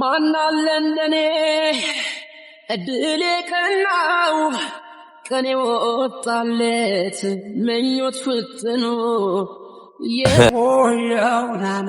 ማናለ እንደኔ እድል ቀናው ቀኔ ወጣለት መኞት ፍጥኑ የሆያውናና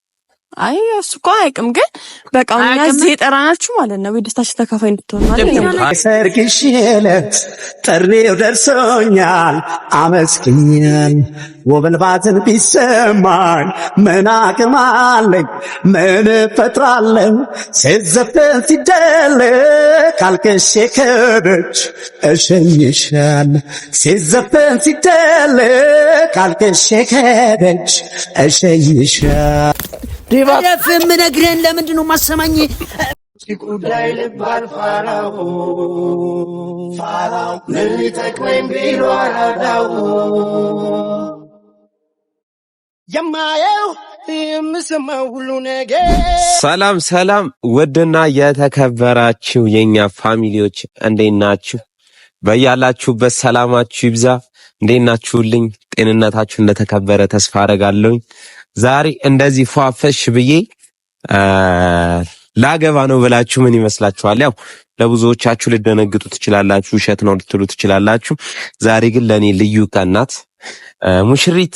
አይ እሱ እኮ አያውቅም፣ ግን በቃ እኛ እዚህ የጠራናችሁ ማለት ነው የደስታችን ተካፋይ እንድትሆን ማለት ነው። ሰርግሽ ዕለት ጥሪው ደርሶኛል፣ አመስግኛል። ወበልባትን ቢሰማኝ ምን አቅም አለኝ? ምን እፈጥራለሁ? ሲዘፈን እሸኝሻል። ሲዘፈን ሲደለቅ እሸኝሻል። ረፍ የምነግርህን ለምንድን ነው ማሰማኝ? ጉዳይ ልባል ፋራው ፋራው ምን ሊጠቅመኝ ቢሉ አራዳው የማየው የምሰማው ሁሉ ነገር። ሰላም ሰላም! ውድና የተከበራችሁ የኛ ፋሚሊዎች እንዴት ናችሁ? በያላችሁበት ሰላማችሁ ይብዛ። እንዴት ናችሁልኝ? ጤንነታችሁ እንደተከበረ ተስፋ አደርጋለሁኝ። ዛሬ እንደዚህ ፏፈሽ ብዬ ላገባ ነው ብላችሁ ምን ይመስላችኋል? ያው ለብዙዎቻችሁ ልደነግጡ ትችላላችሁ፣ ውሸት ነው ልትሉ ትችላላችሁ። ዛሬ ግን ለእኔ ልዩ ቀን ናት ሙሽሪት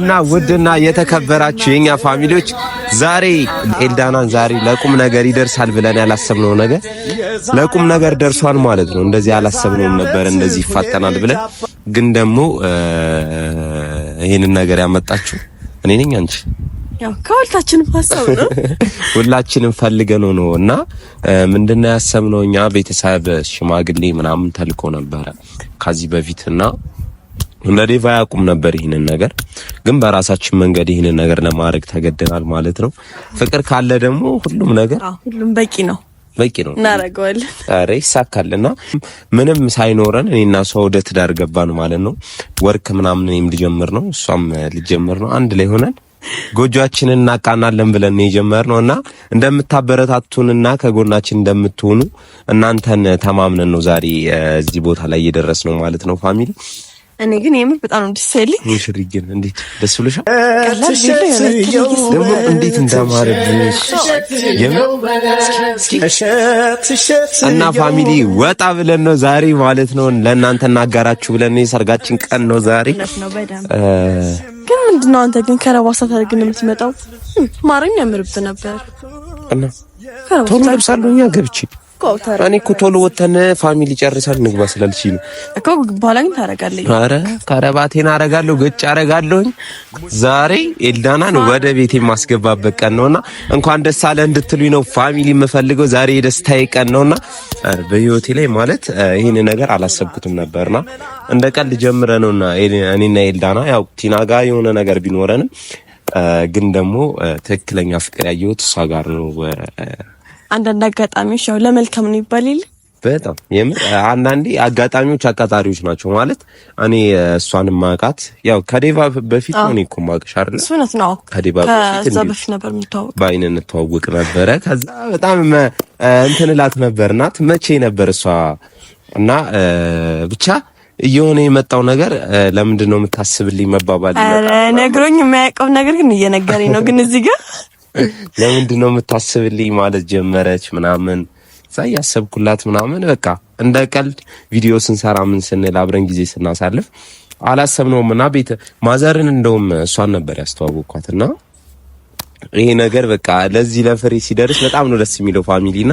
እና ውድና የተከበራችሁ የኛ ፋሚሊዎች ዛሬ ኤልዳናን ዛሬ ለቁም ነገር ይደርሳል ብለን ያላሰብነው ነገር ለቁም ነገር ደርሷል ማለት ነው። እንደዚህ ያላሰብነውም ነበር እንደዚህ ይፋጠናል ብለን ግን ደግሞ ይሄንን ነገር ያመጣችሁ እኔ ነኝ አንቺ ያው ከሁላችንም ሀሳብ ነው። ሁላችንም ፈልገን ነው እና ምንድነው ያሰብነው እኛ ቤተሰብ ሽማግሌ ምናምን ተልኮ ነበረ ከዚህ በፊት እና ለዴቭ አያውቁም ነበር ይህንን ነገር ግን በራሳችን መንገድ ይህንን ነገር ለማድረግ ተገደናል ማለት ነው። ፍቅር ካለ ደግሞ ሁሉም ነገር ሁሉም በቂ ነው በቂ ነው እናደርገዋለን። ኧረ ይሳካልና ምንም ሳይኖረን እኔና እሷ ወደ ትዳር ገባን ማለት ነው። ወርክ ምናምን እኔም ልጀምር ነው እሷም ልጀምር ነው። አንድ ላይ ሆነን ጎጆአችንን እናቃናለን ብለን የጀመርነው እና እንደምታበረታቱንና ከጎናችን እንደምትሆኑ እናንተን ተማምነን ነው ዛሬ እዚህ ቦታ ላይ ነው ማለት ነው ፋሚሊ እኔ ግን የምር በጣም ነው ደስ ያለኝ። ሙሽሪት እንዴት ደስ ብሎሻል? ደግሞ እንዴት እንዳማረብሽ እና ፋሚሊ ወጣ ብለን ነው ዛሬ ማለት ነው ለእናንተ እናጋራችሁ ብለን ነው። የሰርጋችን ቀን ነው ዛሬ። ግን ምንድን ነው አንተ ግን ከረባሳ ታደርግን የምትመጣው? ማረኝ ያምርብ ነበር። እና ቶሎ ለብሳለሁ እኛ ገብቼ እኮ እኔ እኮ ቶሎ ወተን ፋሚሊ ጨርሰን ንግባ ነው እኮ በኋላ ግን ታረጋለኝ። አረ ከረባቴን አረጋለሁ፣ ግጭ አረጋለሁኝ። ዛሬ ኤልዳናን ወደ ቤቴ የማስገባበት ቀን ነውና እንኳን ደስ አለ እንድትሉኝ ነው ፋሚሊ የምፈልገው። ዛሬ የደስታዬ ቀን ነውና በህይወቴ ላይ ማለት ይህን ነገር አላሰብኩትም ነበርና እንደ ቀልድ ጀምረ ነውና እኔና ኤልዳና ያው ቲና ጋር የሆነ ነገር ቢኖረንም ግን ደግሞ ትክክለኛ ፍቅር ያየሁት እሷ ጋር ነው። አንዳንድ አጋጣሚዎች ያው ለመልካም ነው ይባል በጣም በጣም አንዳንዴ አጋጣሚዎች አቃጣሪዎች ናቸው። ማለት እኔ እሷን ማቃት ያው ከዴቫ በፊት ነው። እኮ የማውቅሽ አይደል? እሱ ነው ከዴቫ በፊት በፊት ነበር የምንተዋወቅ፣ በአይን እንተዋወቅ ነበረ። ከዛ በጣም እንትን እላት ነበር ናት መቼ ነበር እሷ እና ብቻ እየሆነ የመጣው ነገር ለምንድን ነው የምታስብልኝ መባባል ነግሮኝ የማያውቀው ነገር ግን እየነገረኝ ነው ግን እዚህ ጋር ለምንድን ነው የምታስብልኝ ማለት ጀመረች ምናምን እዛ እያሰብኩላት ምናምን በቃ እንደ ቀልድ ቪዲዮ ስንሰራ ምን ስንል አብረን ጊዜ ስናሳልፍ አላሰብነውም እና ቤተ ማዘርን እንደውም እሷን ነበር ያስተዋወቅኳት እና ይሄ ነገር በቃ ለዚህ ለፍሬ ሲደርስ በጣም ነው ደስ የሚለው። ፋሚሊና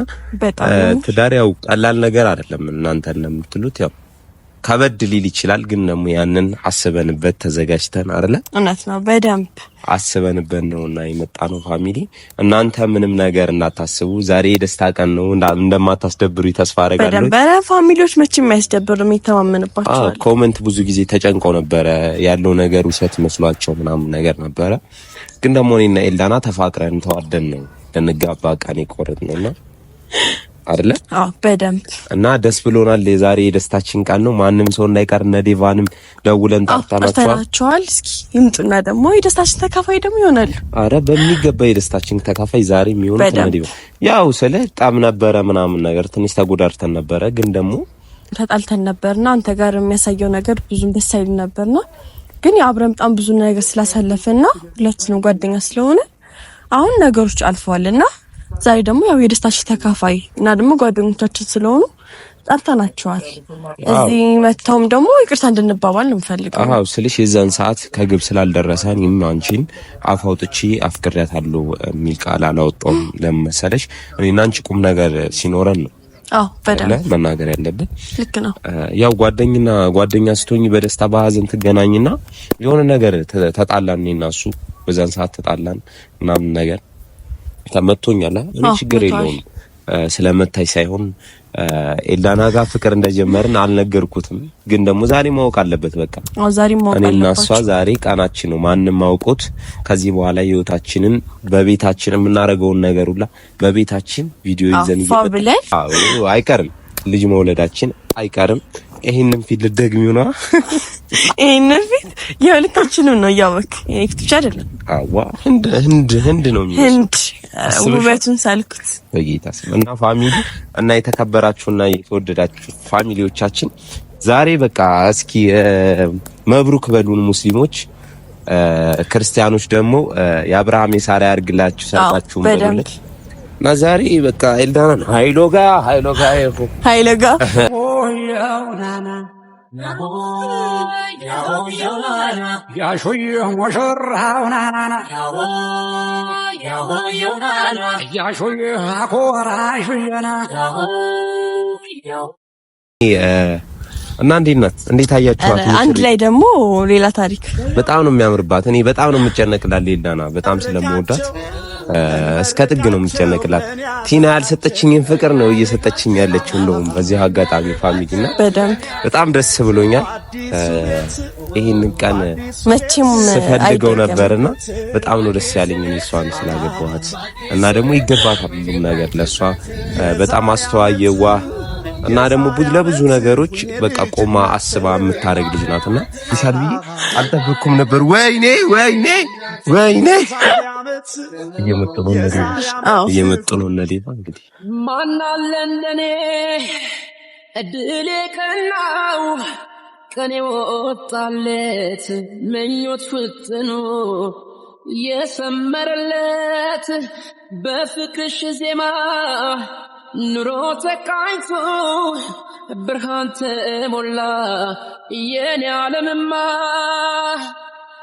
ትዳር ያው ቀላል ነገር አይደለም እናንተ እንደምትሉት ያው ከበድ ሊል ይችላል። ግን ደግሞ ያንን አስበንበት ተዘጋጅተን አይደለ? እውነት ነው። በደንብ አስበንበት ነውና የመጣ ነው ፋሚሊ። እናንተ ምንም ነገር እንዳታስቡ፣ ዛሬ የደስታ ቀን ነው። እንደማታስደብሩ ተስፋ አደርጋለሁ። ፋሚሊዎች መቼ የሚያስደብር የሚተማመንባቸው። ኮመንት ብዙ ጊዜ ተጨንቀው ነበረ ያለው ነገር ውሸት መስሏቸው ምናምን ነገር ነበረ። ግን ደግሞ እኔና ኤልዳና ተፋቅረን ተዋደን ነው ልንጋባ ቀን የቆረጥነውና አይደለ? አዎ በደንብ እና ደስ ብሎናል። የዛሬ የደስታችን ቀን ነው። ማንም ሰው እንዳይቀር እነ ዴቫንም ደውለን ጠርተናቸዋል። እስኪ ይምጡና ደግሞ የደስታችን ተካፋይ ደግሞ ይሆናሉ። አረ በሚገባ የደስታችን ተካፋይ ዛሬ የሚሆኑት እነ ዴቫ ያው ስለ ጣም ነበረ ምናምን ነገር ትንሽ ተጎዳርተን ነበረ፣ ግን ደግሞ ተጣልተን ነበርና አንተ ጋር የሚያሳየው ነገር ብዙም ደስ አይል ነበርና ግን የአብረን በጣም ብዙ ነገር ስላሳለፍና ሁላችንም ጓደኛ ስለሆነ አሁን ነገሮች አልፈዋልና ዛሬ ደግሞ ያው የደስታችን ተካፋይ እና ደግሞ ጓደኞቻችን ስለሆኑ ጠርተናቸዋል። እዚህ መጥተውም ደግሞ ይቅርታ እንድንባባል ነው የምፈልገው። አዎ ስልሽ የዛን ሰዓት ከግብ ስላልደረሰን ይህም አንቺን አፍ አውጥቼ አፍቅሬያታለሁ የሚል ቃል አላወጣሁም። ለምን መሰለሽ እኔና አንቺ ቁም ነገር ሲኖረን ነው አዎ በደንብ መናገር ያለብን። ልክ ነው። ያው ጓደኛና ጓደኛ ስትሆኝ በደስታ በሀዘን ትገናኝና የሆነ ነገር ተጣላን። እኔና እሱ በዛን ሰዓት ተጣላን ምናምን ነገር ይቅርታ መቶኛል። ችግር የለውም ስለመታይ ሳይሆን ኤላና ጋር ፍቅር እንደጀመርን አልነገርኩትም፣ ግን ደግሞ ዛሬ ማወቅ አለበት። በቃ እኔ እና እሷ ዛሬ ቃናችን ነው፣ ማንም አውቆት ከዚህ በኋላ ህይወታችንን በቤታችን የምናደርገውን ነገር ሁላ በቤታችን ቪዲዮ ይዘን አይቀርም፣ ልጅ መውለዳችን አይቀርም። ይሄንን ፊት ልደግሚው ነው። ይሄንን ፊት የሁለታችንም ነው። ያወክ ፊት ብቻ አይደለም። አዋ ህንድ ህንድ ህንድ ነው የሚመስለው። ህንድ ውበቱን ሳልኩት በጌታ ስም እና ፋሚሊ እና የተከበራችሁና የተወደዳችሁ ፋሚሊዎቻችን ዛሬ በቃ እስኪ መብሩክ በሉን ሙስሊሞች፣ ክርስቲያኖች ደግሞ የአብርሃም የሳራ ያርግላችሁ ሰርጋችሁ እና ዛሬ በቃ ኤልዳናን ሀይሎ ጋ ሀይሎ ጋ ሀይሎ ጋ እና እንዴት ናት? እንዴት አያችኋት? አንድ ላይ ደግሞ ሌላ ታሪክ። በጣም ነው የሚያምርባት። እኔ በጣም ነው የምጨነቅላት ሌላና በጣም ስለምወዳት እስከ ጥግ ነው የሚጨነቅላት። ቲና ያልሰጠችኝን ፍቅር ነው እየሰጠችኝ ያለችው። እንደውም በዚህ አጋጣሚ እና በጣም ደስ ብሎኛል። ይህን ቀን መቼም ስፈልገው ነበርና በጣም ነው ደስ ያለኝ እሷን ስላገባኋት እና ደግሞ ይገባታል ሁሉም ነገር ለእሷ በጣም አስተዋየዋ እና ደግሞ ለብዙ ነገሮች በቃ ቆማ አስባ የምታደርግ ልጅ ናትና ይሻል ብዬ አልጠበኩም ነበር። ወይኔ ወይኔ ወይኔ እየመጡ ነው እየመጡ ነው። እነ ሌባ እንግዲህ ማናለ እንደኔ እድሌ ቀናው ቀኔ ወጣለት መኞት ፍጥኖ የሰመረለት በፍቅርሽ ዜማ ኑሮ ተቃኝቶ ብርሃን ተሞላ የኔ ዓለምማ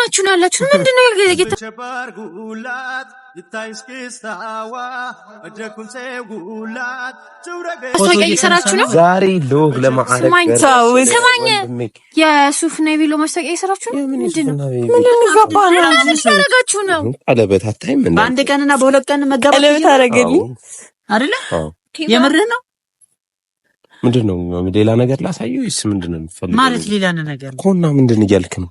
ሆናችሁ ነው ያላችሁ? ምንድነው ነው ጌታ ማስታወቂያ እየሰራችሁ ነው? ዛሬ ሎግ ለማዕረግ ማስታወቂያ እየሰራችሁ ነው? ምንድን ያደረጋችሁ ነው? ቀለበት አታይም? በአንድ ቀንና በሁለት ቀን ቀለበት አይደለ? የምርህ ነው? ምንድን ነው ሌላ ነገር ላሳየው? ምንድን ነው ማለት ሌላ ነገር ኮና ምንድን እያልክ ነው?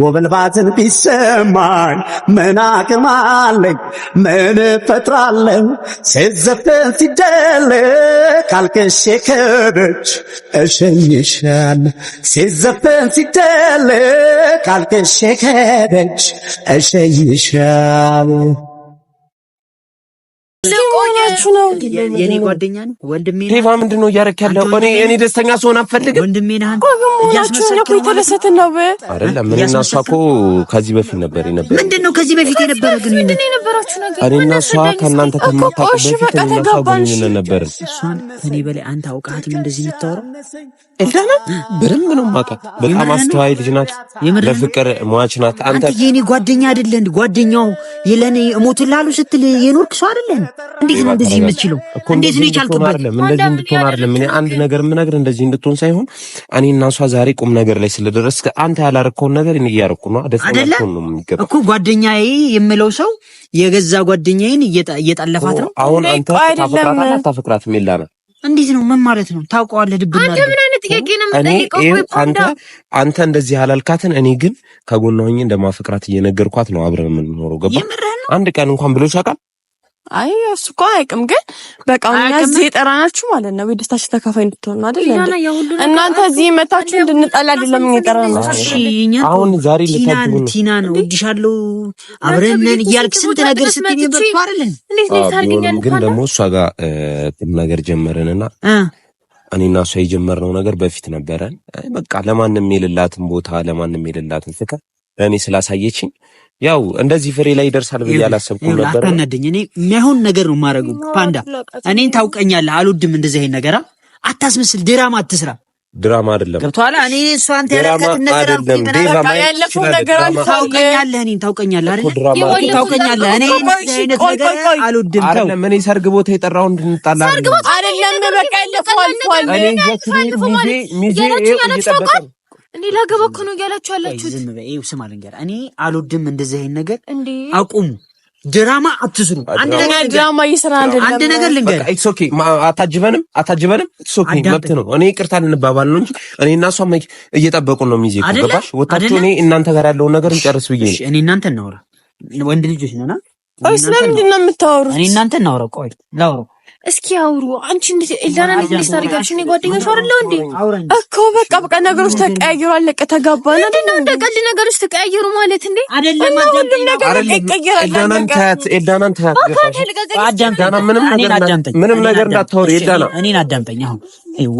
ወበልባትን ቢሰማኝ ምን አቅም አለኝ? ምን እፈጥራለሁ? ሲዘፈን ሲደለቅ አልቅሼ ከደጅ እሸኝሻለሁ። ሲዘፈን ሲደለቅ አልቅሼ ከደጅ እሸኝሻለሁ። የኔ ጓደኛ ነው ወንድሜ። ዴቫ ምንድን ነው እያደረክ ያለው? እኔ እኔ ደስተኛ ስሆን አትፈልግም? ወንድሜ ነህ አንተ። ነው አይደለም። እኔ እና እሷ እኮ ከዚህ በፊት ነበር የነበረ። ምንድን ነው ከዚህ በፊት የነበረ ግንኙነት? እኔ እና እሷ ከእናንተ በፊት እኔ እና እሷ ግንኙነት ነበር። እሷን ከእኔ በላይ አንተ አውቃትም እንደዚህ የምታወራው ኤልዳና በደንብ ነው የማውቃት። በጣም አስተዋይ ልጅ ናት። ለፍቅር ሟች ናት። አንተ የኔ ጓደኛ አይደለ? ጓደኛው የለኔ እሞትልሃለሁ ስትል የኖርክ ሰው እንዴት ነው እንደዚህ የምትችለው? እንዴት ነው የቻልክበት? እንደዚህ እንድትሆን አይደለም። እኔ አንድ ነገር የምነግርህ እንደዚህ እንድትሆን ሳይሆን እኔ እና እሷ ዛሬ ቁም ነገር ላይ ስለደረስክ አንተ ያላረከውን ነገር እኔ እያረኩ ነው። አደስ ነው አይደለ እኮ ጓደኛዬ የምለው ሰው የገዛ ጓደኛዬን እየጠለፋት ነው። አሁን አንተ ታፈቅራታለህ አታፈቅራትም? ነው እንዴት ነው ምን ማለት ነው? ታውቀዋለህ ድብ አንተ ምን አይነት ጥያቄ ነው የምጠይቀው? አንተ አንተ እንደዚህ ያላልካትን እኔ ግን ከጎኗ ሆኜ እንደማፈቅራት እየነገርኳት ነው። አብረን የምንኖረው ገባ። አንድ ቀን እንኳን ብሎሽ አውቃል አይ እሱ እኮ አያውቅም፣ ግን በቃ እኛ እዚህ የጠራናችሁ ማለት ነው የደስታችን ተካፋይ እንድትሆን አይደል? እናንተ እዚህ መታችሁ እንድንጠላ አይደለም የጠራናችሁ። አሁን ዛሬ ልታድሩ ቲና ነው እድሻለሁ፣ አብረን ነን እያልክ ስንት ነገር ስትይ ነበር አይደል? ግን ደግሞ እሷ ጋር ጥም ነገር ጀመረንና እኔና እሷ የጀመርነው ነገር በፊት ነበረን። በቃ ለማንም የሌላትን ቦታ ለማንም የሌላትን ፍቅር ለእኔ ስላሳየችኝ ያው እንደዚህ ፍሬ ላይ ይደርሳል ብዬ አላሰብኩም ነበር። አታናደኝ። እኔ የሚያሆን ነገር ነው የማደርገው። ፓንዳ እኔን ታውቀኛለህ፣ አልወድም እንደዚህ አይነት ነገር። አታስመስል፣ ድራማ አትስራ። ድራማ አይደለም፣ ገብቶሃል? እኔ እሱ አንተ ያለከት ነገር ያለፈው ነገር እኔን አይደል? እኔ ነገር አይደለም እኔ ሰርግ ቦታ የጠራው እንድንጣላ አይደለም። በቃ ያለፈው አልፏል። እኔ እየጠበቀ እንዴ ላገባ እኮ ነው እያላችሁ ያላችሁት። ዝም በይ ስማ፣ ልንገርህ እኔ አልወድም እንደዚህ አይነት ነገር። እንዴ አቁሙ፣ ድራማ አትስሩ። አንድ ነገር ድራማ ይስራ አይደለም አንድ ነገር ልንገርህ፣ ኢትስ ኦኬ። አታጅበንም አታጅበንም፣ ኢትስ ኦኬ፣ መብት ነው። እኔ ይቅርታ ልንባባል ነው እንጂ እኔ እና እሷ እየጠበቁ ነው ሚዜ ገባሽ። ወታችሁ እኔ እናንተ ጋር ያለውን ነገር እንጨርስ ብዬ ነው። እኔ እናንተ እናውራ፣ ወንድ ልጆች ነና። ስለምንድን ነው የምታወሩት? እኔ እናንተ እናውራ። ቆይ ላውራ እስኪ አውሩ። አንቺ እንዴት ኤልዳና እንዴት ልጅ እኔ ጓደኛሽ አይደለሁ እንዴ እኮ በቃ በቃ ነገሮች ተቀያየሩ። አለቀ፣ ተጋባን። ምንድነው እንደ ቀልድ ነገሮች ተቀያየሩ ማለት እንዴ? አይደለም ሁሉም ነገር ይቀየራል። ኤልዳናን ታያት፣ ኤልዳናን ታያት። አዳምጠኝ፣ ምንም ነገር ምንም ነገር እንዳታወሪ ኤልዳና። እኔን አዳምጠኝ። አሁን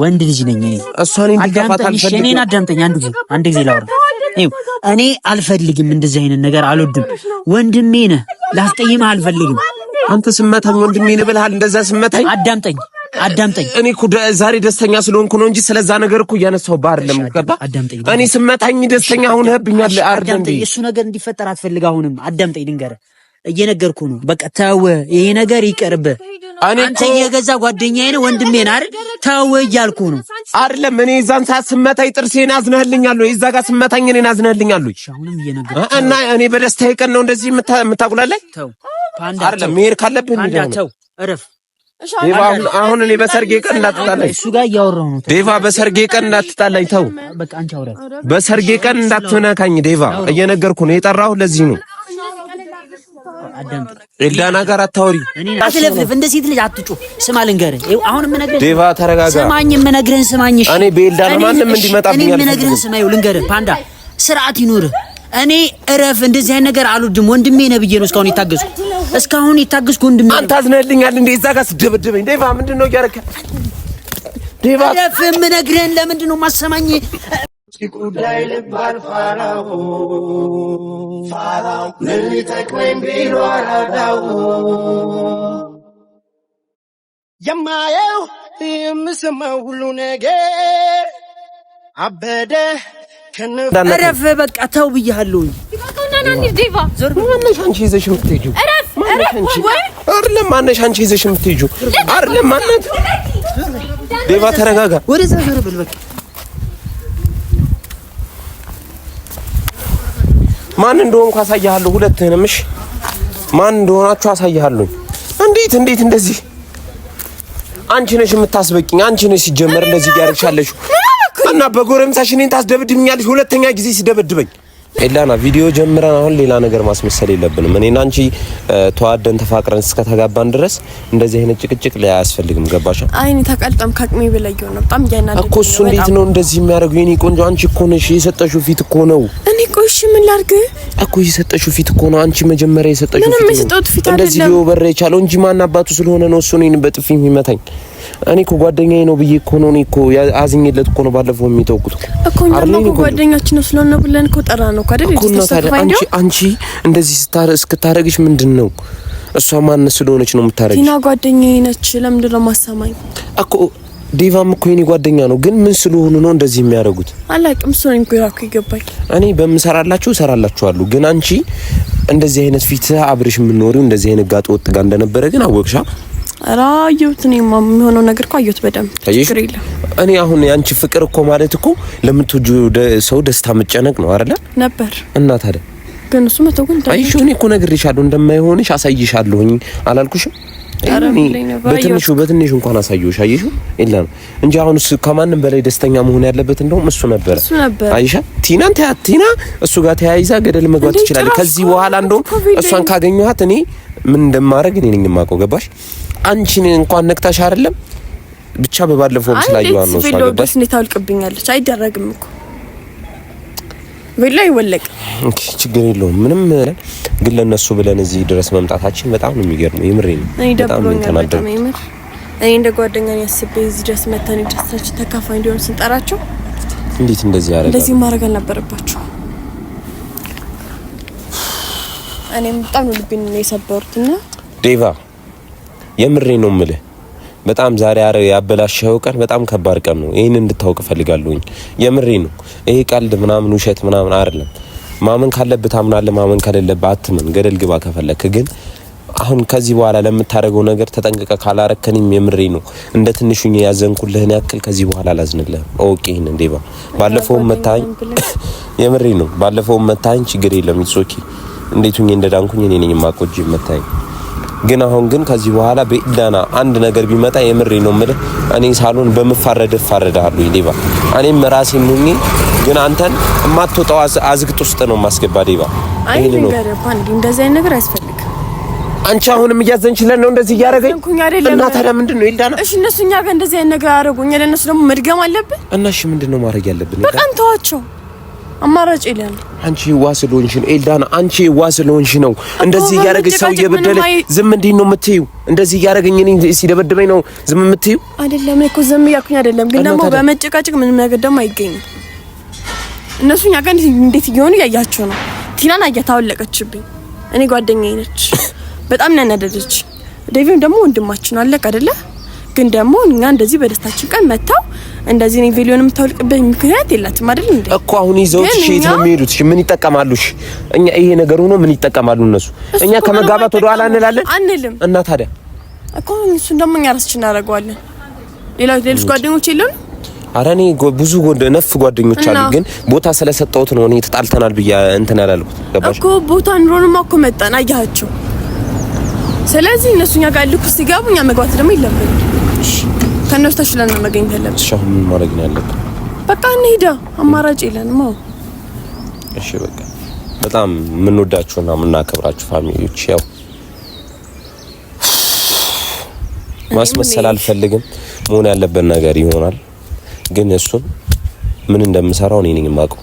ወንድ ልጅ ነኝ እኔ። እሷን እንዲከፋት አልፈልግም። እኔን አዳምጠኝ። አንድ ጊዜ አንድ ጊዜ ላውራ። እኔ አልፈልግም፣ እንደዚህ አይነት ነገር አልወድም። ወንድሜ ነህ፣ ላስጠይምህ አልፈልግም አንተ ስመታኝ ወንድሜ ልብልሃል። እንደዛ ስመታኝ። አዳምጠኝ አዳምጠኝ እኔ እኮ ዛሬ ደስተኛ ስለሆንኩ ነው እንጂ ስለዛ ነገር እኮ እያነሳሁብህ አይደለም። ገባህ? እኔ ስመታኝ ደስተኛ ሆነህብኛል። አዳምጠኝ። እሱ ነገር እንዲፈጠር አትፈልግ። አሁንም አዳምጠኝ፣ ልንገርህ፣ እየነገርኩ ነው። በቃ ተው፣ ይሄ ነገር ይቀርብ። አንተ የገዛ ጓደኛዬ ነው ወንድሜ ነው አይደል? ተው እያልኩህ ነው አይደለም። እኔ የዛን ሰዓት ስመታኝ ጥርሴን አዝነህልኛል፣ እዛ ጋር ስመታኝ እኔን አዝነህልኛል እና እኔ በደስታ ቀን ነው እንደዚህ የምታቁላለኝ። መሄድ ካለብህ እረፍ። ዴቫ አሁን እኔ በሰርጌ ቀን እንዳትጣላኝ፣ እሱ ጋር እያወራሁ ነው። ዴቫ በሰርጌ ቀን እንዳትጣላኝ፣ ተው በሰርጌ ቀን እንዳትነካኝ። ዴቫ እየነገርኩ ነው፣ የጠራሁ ለዚህ ነው። ኤልዳና ጋር አታወሪ፣ አትለፍልፍ፣ እንደ ሴት ልጅ አትጩ። ስማ ልንገርህ፣ አሁን የምነግርህን ዴቫ ተረጋጋ፣ ስማኝ፣ የምነግርህን ስማኝ። እኔ በኤልዳና ማንም እንዲመጣብኝ የምነግርህን ስማ። ይኸው ልንገርህ፣ ፓንዳ ስርዓት ይኑርህ። እኔ እረፍ፣ እንደዚህ አይነት ነገር አልወድም። ወንድሜ ነህ ብዬ ነው እስካሁን የታገዝኩ እስካሁን የታገስኩ ወንድሜ አንተ አዝነልኛል እንዴ? እዛ ጋር ስደበደበኝ ዴቫ፣ ምንድን ነው እያደረክ? ዴቫ ደፍም ነግረን ለምንድን ነው የማሰማኝ? ጉዳይ ልባል ፋራው ፋራው ምን ሊጠቅመኝ ቢሉ አራዳው የማየው የምስማው ሁሉ ነገር አበደ። ከነ ረፍ በቃ ተው ብያለሁ። ይባካውና ናኒ ዴቫ ዞር ብለሽ አንቺ ይዘሽ የምትሄጂው አይደለም ማነሽ አንቺ ይዘሽ የምትሄጂው አይደለም ማነት ዴባ ተረጋጋ። ወደዛ ዞር በል በቃ። ማን እንደሆንኩ አሳያለሁ። ሁለትህንም እሺ፣ ማን እንደሆናችሁ አሳያለሁኝ። እንዴት እንዴት እንደዚህ አንቺ ነሽ የምታስበቂኝ። አንቺ ነሽ ሲጀመር እንደዚህ ያርሻለሽ እና በጎረምሳሽ እኔን ታስደብድብኛለሽ። ሁለተኛ ጊዜ ሲደበድበኝ ኤላና ቪዲዮ ጀምረን አሁን ሌላ ነገር ማስመሰል የለብንም። እኔና አንቺ ተዋደን ተፋቅረን እስከተጋባን ድረስ እንደዚህ አይነት ጭቅጭቅ ላይ አያስፈልግም። ገባሽ? አይኔ እኔ ተቀልጣም ከአቅሜ በላይ የሆነ በጣም እያናደደኝ እኮ እሱ። እንዴት ነው እንደዚህ የሚያደርጉ የኔ ቆንጆ? አንቺ እኮ ነሽ የሰጠሽው ፊት እኮ ነው። እኔ ቆሽ ምን ላርግ እኮ የሰጠሽው ፊት እኮ ነው። አንቺ መጀመሪያ የሰጠሽው ፊት ነው እንደዚህ ሊወበረ የቻለው እንጂ ማን አባቱ ስለሆነ ነው እሱ እኔን በጥፊ የሚመታኝ? እኔ እኮ ጓደኛዬ ነው ብዬ እኮ ነው እኔ እኮ አዝኜለት እኮ ነው ባለፈው የሚተውኩት እኮ እኛም እኮ ጓደኛችን ነው ስለሆነ ብለን እኮ ጠራ ነው እኮ አይደል? አንቺ አንቺ እንደዚህ ስታረ እስክታረግሽ ምንድን ነው እሷ ማን ስለሆነች ነው የምታረግሽ? ቲና ጓደኛዬ ነች። ለምንድን ነው ማሰማኝ እኮ ዴቫም እኮ የኔ ጓደኛ ነው። ግን ምን ስለሆኑ ነው እንደዚህ የሚያደርጉት? አላውቅም። እሱ እኮ ይራኩ ይገባኝ እኔ በምሰራላችሁ እሰራላችኋለሁ። ግን አንቺ እንደዚህ አይነት ፊት አብርሽ የምንኖሪው እንደዚህ አይነት ጋጥ ወጥ ጋር እንደነበረ ግን አወቅሻ። ኧረ አየሁት። እኔማ የሚሆነው ነገር እኮ አየሁት በደንብ ችግር የለም። እኔ አሁን የአንቺ ፍቅር እኮ ማለት እኮ ለምትወጁ ሰው ደስታ መጨነቅ ነው አይደለ? ነበር እና ታዲያ ግን እሱ መተው ግን አይሽ እኔ እኮ ነግሬሻለሁ፣ እንደማይሆንሽ አሳይሻለሁኝ አላልኩሽም? በትንሹ በትንሹ እንኳን አሳየሁሽ። አየሽው የለ እንጂ አሁን እሱ ከማንም በላይ ደስተኛ መሆን ያለበት እንደውም እሱ ነበረ። አይሻ ቲናን ታያት። ቲና እሱ ጋር ተያይዛ ገደል መግባት ትችላለች። ከዚህ በኋላ እንደውም እሷን ካገኘኋት እኔ ምን እንደማደርግ እኔ ነኝ የማውቀው። ገባሽ? አንቺን እንኳን ነክታሽ አይደለም ብቻ በባለፈውም ስላየዋ ነው እሷ ገባሽ። እንዴት ታውልቅብኛለች? አይደረግም እኮ ቬሎ ይወለቅ ኦኬ ችግር የለውም ምንም። ግን ለነሱ ብለን እዚህ ድረስ መምጣታችን በጣም ነው የሚገርመው። የምሬ ነው በጣም ነው ተናደደ። እኔ እንደ ጓደኛ ያስቤ እዚህ ድረስ መተን ደስታችን ተካፋ እንዲሆን ስንጠራቸው እንዴት እንደዚህ ያረጋል? እንደዚህ ማድረግ አልነበረባቸው። እኔም በጣም ነው ልቤን የሰበሩትና ዴቫ የምሬ ነው ምልህ በጣም ዛሬ አረ ያበላሸው ቀን በጣም ከባድ ቀን ነው። ይህን እንድታውቅ ፈልጋለሁኝ። የምሬ ነው። ይሄ ቀልድ ምናምን ውሸት ምናምን አይደለም። ማመን ካለብህ ታምናለህ፣ ማመን ከሌለብህ አትመን። ገደል ግባ ከፈለክ ግን አሁን ከዚህ በኋላ ለምታደርገው ነገር ተጠንቀቀ። ካላረከኝም የምሬ ነው እንደ ትንሹኝ ያዘንኩልህን ያክል ከዚህ በኋላ አላዝንልህም። ኦኬ ይህን እንዴ ባ ባለፈው መታኝ፣ የምሬ ነው ባለፈው መታኝ። ችግር የለም ይሶኪ እንዴቱኝ እንደዳንኩኝ እኔ ነኝ ማቆጅ መታኝ ግን አሁን ግን ከዚህ በኋላ በኢዳና አንድ ነገር ቢመጣ የምሬ ነው የምልህ። እኔ ሳሎን በምፋረድ እፋረዳለሁ ዴባ። እኔም ራሴ ሁኜ ግን አንተን የማትወጣው አዝግጥ ውስጥ ነው ማስገባ ዲባ። አይ እንደዚህ አይነት ነገር አያስፈልግም። አንቺ አሁንም እያዘንችለን ነው እንደዚህ እያደረገኝ እና ታዲያ ምንድን ነው ኤልዳና? እሺ እነሱ እኛ ጋር እንደዚህ አይነት ነገር አደረጉኝ፣ ለእነሱ ደግሞ መድገም አለብን እና እሺ ምንድን ነው ማድረግ ያለብን? በቃ እንተዋቸው አማራጭ የለም። አንቺ ዋስ ለሆንሽ ነው ኤልዳና፣ አንቺ ዋስ ለሆንሽ ነው እንደዚህ እያደረገች ሰው እየበደለ ዝም እንዴት ነው የምትይው? እንደዚህ እያደረገኝ እኔ ሲደበድበኝ ነው ዝም የምትይው? አይደለም እኮ ዝም እያልኩኝ አይደለም፣ ግን ደግሞ በመጨቃጨቅ ምንም ነገር ደግሞ አይገኝም። እነሱ እኛ ጋር እንዴት እየሆኑ እያያቸው ነው። ቲናን አያት፣ አወለቀችብኝ። እኔ ጓደኛዬ ነች፣ በጣም ነው ያናደደች። ዴቪም ደግሞ ወንድማችን አለቅ አይደለ? ግን ደግሞ እኛ እንደዚህ በደስታችን ቀን መታው እንደዚህ ነው ቪዲዮን የምታወልቅበት ምክንያት የላትም አይደል እንዴ? እኮ አሁን ይዘውት ሼት ነው የሚሄዱት። እሺ ምን ይጠቀማሉ? እሺ እኛ ይሄ ነገር ሆኖ ምን ይጠቀማሉ እነሱ? እኛ ከመጋባት ወደ ኋላ እንላለን አንልም። እና ታዲያ እኮ እሱ ደግሞ እኛ ራሳችን እናደርገዋለን። ሌላ ሌሎች ጓደኞች የለም። አረ እኔ ብዙ ነፍ ጓደኞች አሉ፣ ግን ቦታ ስለሰጠሁት ነው እኔ ተጣልተናል ብዬ እንትን ያላልኩት። ገባሽ እኮ ቦታ ኑሮንማ እኮ መጣን አያቸው። ስለዚህ እነሱ እኛ ጋር ልኩ ሲገቡ እኛ መግባት ደግሞ የለብንም። እሺ ከእነሱ ተሽለን ነው መገኘት ያለብን። እሺ አሁን ምን ማድረግ ነው ያለብን? በቃ እንሂዳ፣ አማራጭ የለንም። እሺ በቃ በጣም የምንወዳችሁና የምናከብራችሁ ፋሚሊዎች፣ ያው ማስመሰል አልፈልግም። መሆን ያለበት ነገር ይሆናል። ግን እሱን ምን እንደምሰራው እኔ ነኝ የማውቀው።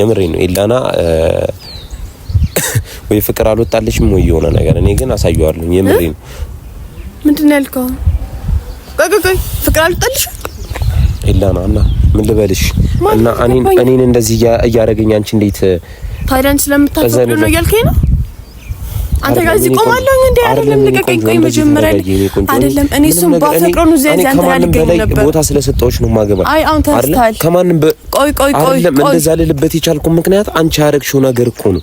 የምሬ ነው። ኢላና ወይ ፍቅር አልወጣለችም ወይ የሆነ ነገር፣ እኔ ግን አሳየዋለሁ። የምሬ ነው። ምንድን ነው ያልከው? ቆይ ቆይ ፍቅር አልጠልሽ የለም እና ምን ልበልሽ እና እኔን እንደዚህ እያደረገኝ አንቺ እንዴት ታዲያን ስለምታፈቅዱ ነው እያልከኝ ነው አንተ ጋር እዚህ ቆማለሁ እንዴ? አይደለም ልቀቀኝ። ቆይ መጀመሪያ አይደለም እኔ እሱን ባፈቅሮ ነው እዚህ አንተ ጋር ልገኝ ነበር። ቦታ ስለሰጠሁሽ ነው ማገባ። አይ አሁን ተስታል ከማንም ቆይ ቆይ ቆይ አይደለም እንደዛ ልልበት የቻልኩ ምክንያት አንቺ ያረግሽው ነገር እኮ ነው።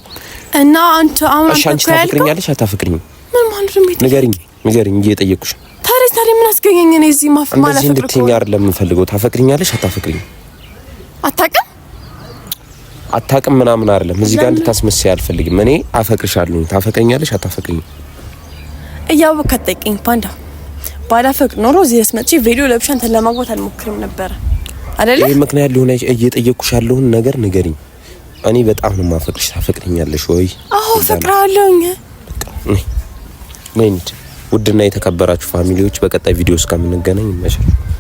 እና አንተ አሁን አንተ ታፈቅሪኛለሽ አታፈቅሪኝም? ምን ማለት ነው? ንገሪኝ ንገሪኝ፣ እየጠየቅኩሽ ታዲያ ምን አስገኘኝ? እኔ እዚህ ማፍ ማለት ነው እንድትኛ አይደለም የምፈልገው። ታፈቅሪኛለሽ? አታፈቅሪኝ? አታቅም አታቅም ምናምን አይደለም። እዚህ ጋር እንድታስመስይ አልፈልግም። እኔ አፈቅርሻለሁ። ታፈቅሪኛለሽ? አታፈቅሪኝ? እያወቅህ አትጠይቀኝ ፓንዳ። ባላፈቅር ኖሮ እዚህ ስመጪ ቪዲዮ ለብሻ አንተን ለማግባት አልሞክርም ነበረ አይደለ? ይሄ ምክንያት ሊሆን እየጠየቅኩሽ ያለውን ነገር ንገሪኝ። እኔ በጣም ነው የማፈቅርሽ። ታፈቅሪኛለሽ ወይ? አዎ እፈቅርሃለሁ። ነይ ነይ ውድና የተከበራችሁ ፋሚሊዎች በቀጣይ ቪዲዮ እስከምንገናኝ ይመሻል።